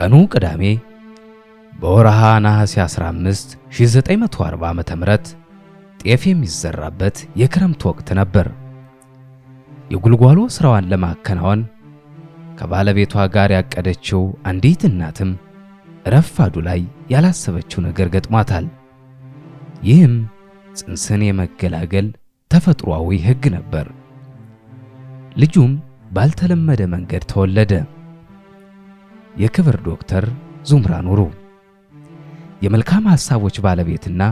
ቀኑ ቅዳሜ በወርሃ ነሐሴ 15 1940 ዓ.ም ጤፍ የሚዘራበት የክረምት ወቅት ነበር። የጉልጓሎ ሥራዋን ለማከናወን ከባለቤቷ ጋር ያቀደችው አንዲት እናትም ረፋዱ ላይ ያላሰበችው ነገር ገጥሟታል። ይህም ጽንስን የመገላገል ተፈጥሯዊ ሕግ ነበር። ልጁም ባልተለመደ መንገድ ተወለደ። የክብር ዶክተር ዙምራ ኑሩ የመልካም ሐሳቦች ባለቤትና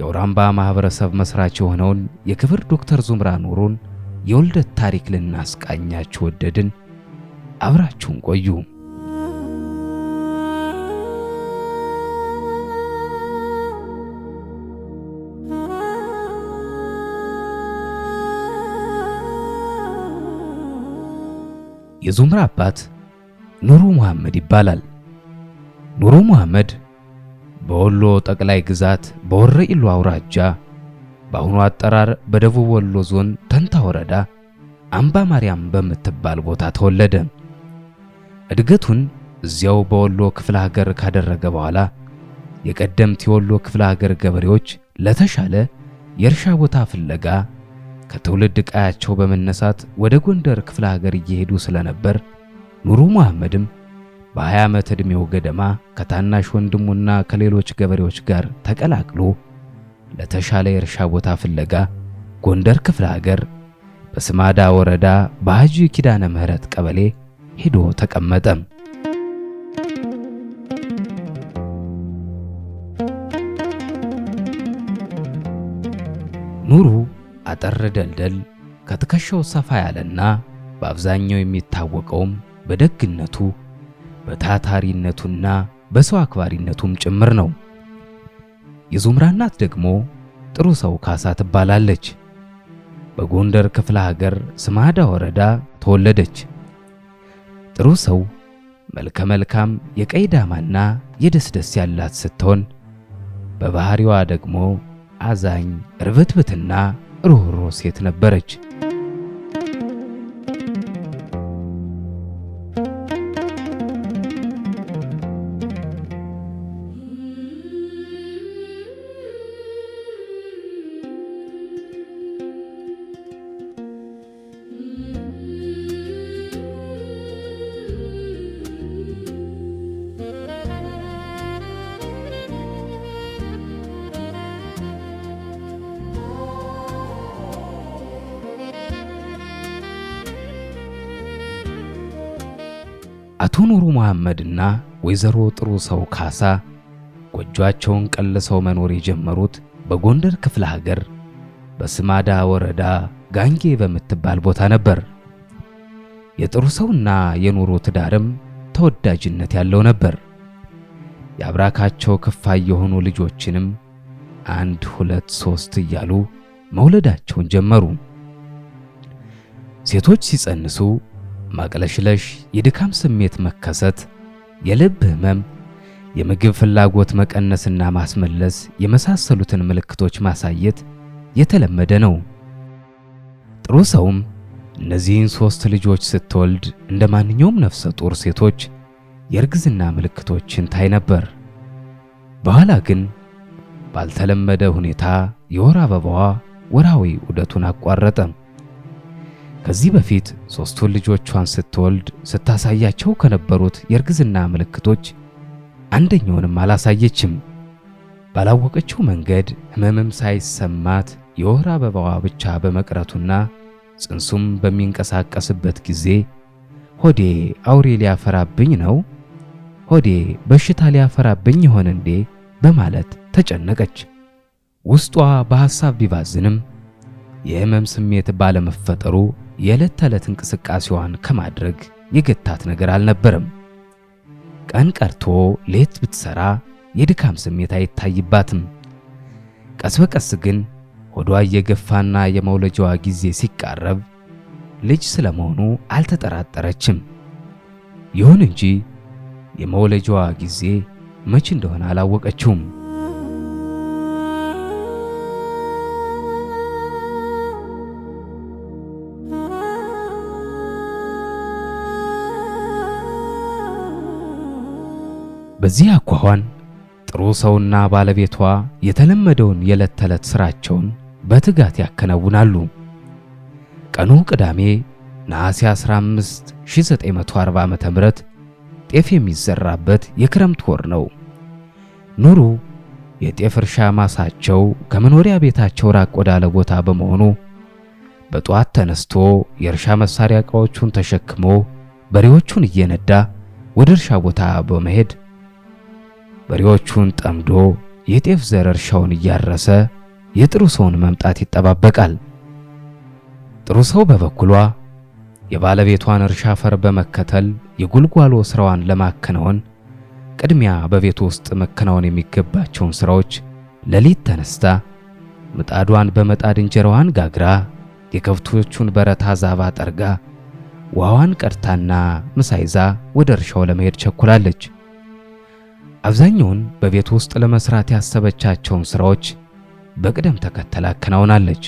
የኦራምባ ማህበረሰብ መስራች የሆነውን የክብር ዶክተር ዙምራ ኑሩን የውልደት ታሪክ ልናስቃኛችሁ ወደድን። አብራችሁን ቆዩ። የዙምራ አባት ኑሩ መሐመድ ይባላል። ኑሩ መሐመድ በወሎ ጠቅላይ ግዛት በወረኢሉ አውራጃ በአሁኑ አጠራር በደቡብ ወሎ ዞን ተንታ ወረዳ አምባ ማርያም በምትባል ቦታ ተወለደ። እድገቱን እዚያው በወሎ ክፍለ ሀገር ካደረገ በኋላ የቀደምት የወሎ ክፍለ ሀገር ገበሬዎች ለተሻለ የእርሻ ቦታ ፍለጋ ከትውልድ ቀያቸው በመነሳት ወደ ጎንደር ክፍለ ሀገር እየሄዱ ስለነበር ኑሩ መሐመድም በ20 ዓመት ዕድሜው ገደማ ከታናሽ ወንድሙና ከሌሎች ገበሬዎች ጋር ተቀላቅሎ ለተሻለ የእርሻ ቦታ ፍለጋ ጎንደር ክፍለ ሀገር በስማዳ ወረዳ በሐጂ ኪዳነ ምህረት ቀበሌ ሄዶ ተቀመጠ። ኑሩ አጠር ደልደል ከትከሻው ሰፋ ያለና በአብዛኛው የሚታወቀውም በደግነቱ በታታሪነቱና በሰው አክባሪነቱም ጭምር ነው። የዙምራ እናት ደግሞ ጥሩ ሰው ካሳ ትባላለች። በጎንደር ክፍለ ሀገር ስማዳ ወረዳ ተወለደች። ጥሩ ሰው መልከ መልካም የቀይ ዳማና የደስደስ ያላት ስትሆን በባህሪዋ ደግሞ አዛኝ ርብትብትና ሩህሩህ ሴት ነበረች። አቶ ኑሩ መሐመድና ወይዘሮ ጥሩ ሰው ካሳ ጎጇቸውን ቀልሰው መኖር የጀመሩት በጎንደር ክፍለ ሀገር በስማዳ ወረዳ ጋንጌ በምትባል ቦታ ነበር። የጥሩ ሰውና የኑሩ ትዳርም ተወዳጅነት ያለው ነበር። የአብራካቸው ክፋይ የሆኑ ልጆችንም አንድ ሁለት ሶስት እያሉ መውለዳቸውን ጀመሩ። ሴቶች ሲጸንሱ ማቅለሽለሽ፣ የድካም ስሜት መከሰት፣ የልብ ህመም፣ የምግብ ፍላጎት መቀነስና ማስመለስ የመሳሰሉትን ምልክቶች ማሳየት የተለመደ ነው። ጥሩ ሰውም እነዚህን ሦስት ልጆች ስትወልድ እንደ ማንኛውም ነፍሰ ጡር ሴቶች የእርግዝና ምልክቶችን ታይ ነበር። በኋላ ግን ባልተለመደ ሁኔታ የወር አበባዋ ወርሃዊ ዑደቱን አቋረጠም። ከዚህ በፊት ሦስቱን ልጆቿን ስትወልድ ስታሳያቸው ከነበሩት የእርግዝና ምልክቶች አንደኛውንም አላሳየችም። ባላወቀችው መንገድ ሕመምም ሳይሰማት የወር አበባዋ ብቻ በመቅረቱና ጽንሱም በሚንቀሳቀስበት ጊዜ ሆዴ አውሬ ሊያፈራብኝ ነው፣ ሆዴ በሽታ ሊያፈራብኝ ይሆን እንዴ በማለት ተጨነቀች። ውስጧ በሐሳብ ቢባዝንም የሕመም ስሜት ባለመፈጠሩ የዕለት ተዕለት እንቅስቃሴዋን ከማድረግ የገታት ነገር አልነበረም። ቀን ቀርቶ ሌት ብትሰራ የድካም ስሜት አይታይባትም። ቀስ በቀስ ግን ሆዷ እየገፋና የመውለጃዋ ጊዜ ሲቃረብ ልጅ ስለመሆኑ አልተጠራጠረችም። ይሁን እንጂ የመውለጃዋ ጊዜ መች እንደሆነ አላወቀችውም። በዚህ አኳኋን ጥሩ ሰውና ባለቤቷ የተለመደውን የዕለት ተዕለት ሥራቸውን በትጋት ያከናውናሉ። ቀኑ ቅዳሜ ነሐሴ 15 1940 ዓ.ም ጤፍ የሚዘራበት የክረምት ወር ነው። ኑሩ የጤፍ እርሻ ማሳቸው ከመኖሪያ ቤታቸው ራቅ ወዳለ ቦታ በመሆኑ በጠዋት ተነስቶ የእርሻ መሳሪያ ዕቃዎቹን ተሸክሞ በሬዎቹን እየነዳ ወደ እርሻ ቦታ በመሄድ በሬዎቹን ጠምዶ የጤፍ ዘር እርሻውን እያረሰ የጥሩ ሰውን መምጣት ይጠባበቃል። ጥሩ ሰው በበኩሏ የባለቤቷን እርሻ አፈር በመከተል የጉልጓሎ ስራዋን ለማከናወን ቅድሚያ በቤት ውስጥ መከናወን የሚገባቸውን ስራዎች ሌሊት ተነስታ ምጣዷን በመጣድ እንጀራዋን ጋግራ የከብቶቹን በረታ ዛባ ጠርጋ ውሃዋን ቀድታና ምሳይዛ ወደ እርሻው ለመሄድ ቸኩላለች። አብዛኛውን በቤት ውስጥ ለመስራት ያሰበቻቸውን ስራዎች በቅደም ተከተል አከናውናለች።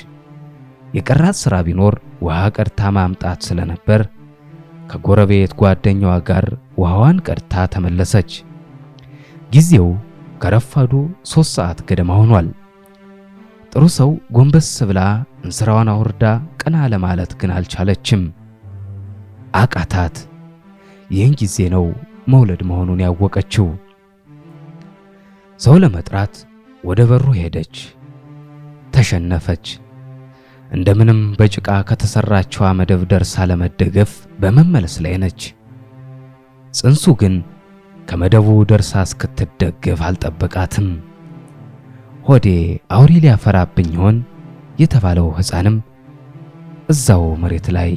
የቀራት ስራ ቢኖር ውሃ ቀድታ ማምጣት ስለነበር ከጎረቤት ጓደኛዋ ጋር ውሃዋን ቀድታ ተመለሰች። ጊዜው ከረፋዱ ሶስት ሰዓት ገደማ ሆኗል። ጥሩ ሰው ጎንበስ ብላ እንስራዋን አውርዳ ቀና ለማለት ግን አልቻለችም፣ አቃታት። ይህን ጊዜ ነው መውለድ መሆኑን ያወቀችው። ሰው ለመጥራት ወደ በሩ ሄደች። ተሸነፈች። እንደምንም በጭቃ ከተሰራችዋ መደብ ደርሳ ለመደገፍ በመመለስ ላይ ነች። ጽንሱ ግን ከመደቡ ደርሳ እስክትደገፍ አልጠበቃትም። ሆዴ አውሬ ሊያፈራብኝ ይሆን የተባለው ሕፃንም እዛው መሬት ላይ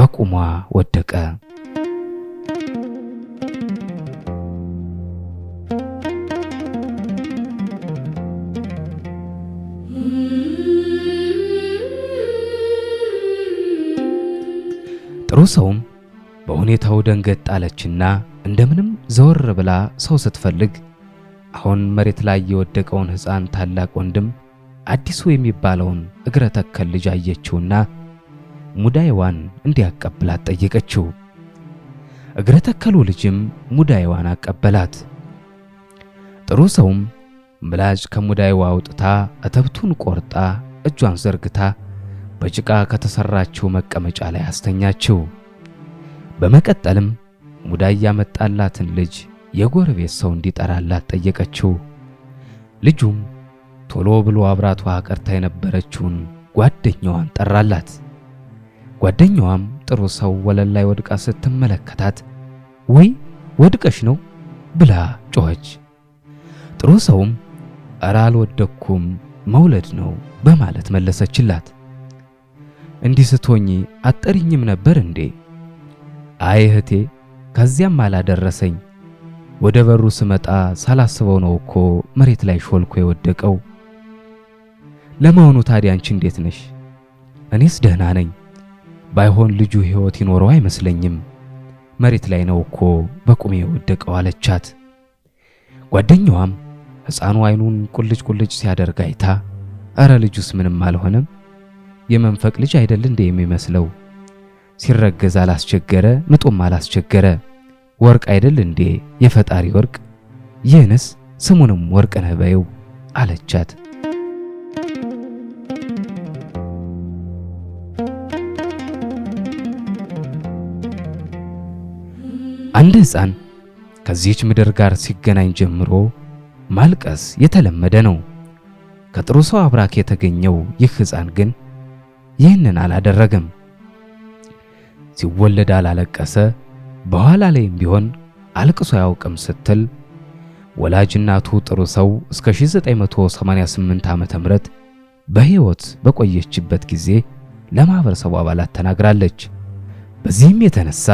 በቁሟ ወደቀ። ሩሰውም በሁኔታው ደንገጥ ጣለችና እንደምንም ዘወር ብላ ሰው ስትፈልግ አሁን መሬት ላይ የወደቀውን ሕፃን ታላቅ ወንድም አዲሱ የሚባለውን እግረ ተከል ልጅ አየችውና ሙዳይዋን እንዲያቀብላት ጠየቀችው። እግረ ተከሉ ልጅም ሙዳይዋን አቀበላት። ጥሩ ሰውም ምላጭ ከሙዳይዋ አውጥታ እተብቱን ቆርጣ እጇን ዘርግታ በጭቃ ከተሰራችው መቀመጫ ላይ አስተኛችው። በመቀጠልም ሙዳይ ያመጣላትን ልጅ የጎረቤት ሰው እንዲጠራላት ጠየቀችው። ልጁም ቶሎ ብሎ አብራቷ ቀርታ የነበረችውን ጓደኛዋን ጠራላት። ጓደኛዋም ጥሩ ሰው ወለል ላይ ወድቃ ስትመለከታት ወይ ወድቀሽ ነው ብላ ጮኸች። ጥሩ ሰውም እረ አልወደኩም መውለድ ነው በማለት መለሰችላት። እንዲህ ስቶኝ አጠሪኝም ነበር እንዴ? አይ እህቴ፣ ከዚያም አላደረሰኝ። ወደ በሩ ስመጣ ሳላስበው ነው እኮ መሬት ላይ ሾልኮ የወደቀው። ለመሆኑ ታዲያ አንቺ እንዴት ነሽ? እኔስ ደህና ነኝ። ባይሆን ልጁ ሕይወት ይኖረው አይመስለኝም። መሬት ላይ ነው እኮ በቁሜ የወደቀው አለቻት። ጓደኛዋም ሕፃኑ አይኑን ቁልጭ ቁልጭ ሲያደርግ አይታ፣ እረ ልጁስ ምንም አልሆነም የመንፈቅ ልጅ አይደል እንዴ የሚመስለው? ሲረገዝ አላስቸገረ፣ ምጡም አላስቸገረ። ወርቅ አይደል እንዴ የፈጣሪ ወርቅ? ይህንስ ስሙንም ወርቅ ነህ በይው አለቻት። አንድ ሕፃን ከዚህች ምድር ጋር ሲገናኝ ጀምሮ ማልቀስ የተለመደ ነው። ከጥሩ ሰው አብራክ የተገኘው ይህ ሕፃን ግን ይህንን አላደረገም። ሲወለድ አላለቀሰ፣ በኋላ ላይም ቢሆን አልቅሶ አያውቅም ስትል ወላጅ እናቱ ጥሩ ሰው እስከ 1988 ዓ.ም ምህረት በሕይወት በቆየችበት ጊዜ ለማህበረሰቡ አባላት ተናግራለች። በዚህም የተነሳ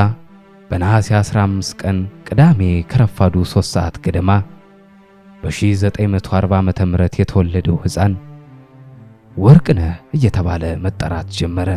በነሐሴ 15 ቀን ቅዳሜ ከረፋዱ 3 ሰዓት ገደማ በ1940 ዓም የተወለደው ሕፃን ወርቅነህ እየተባለ መጠራት ጀመረ።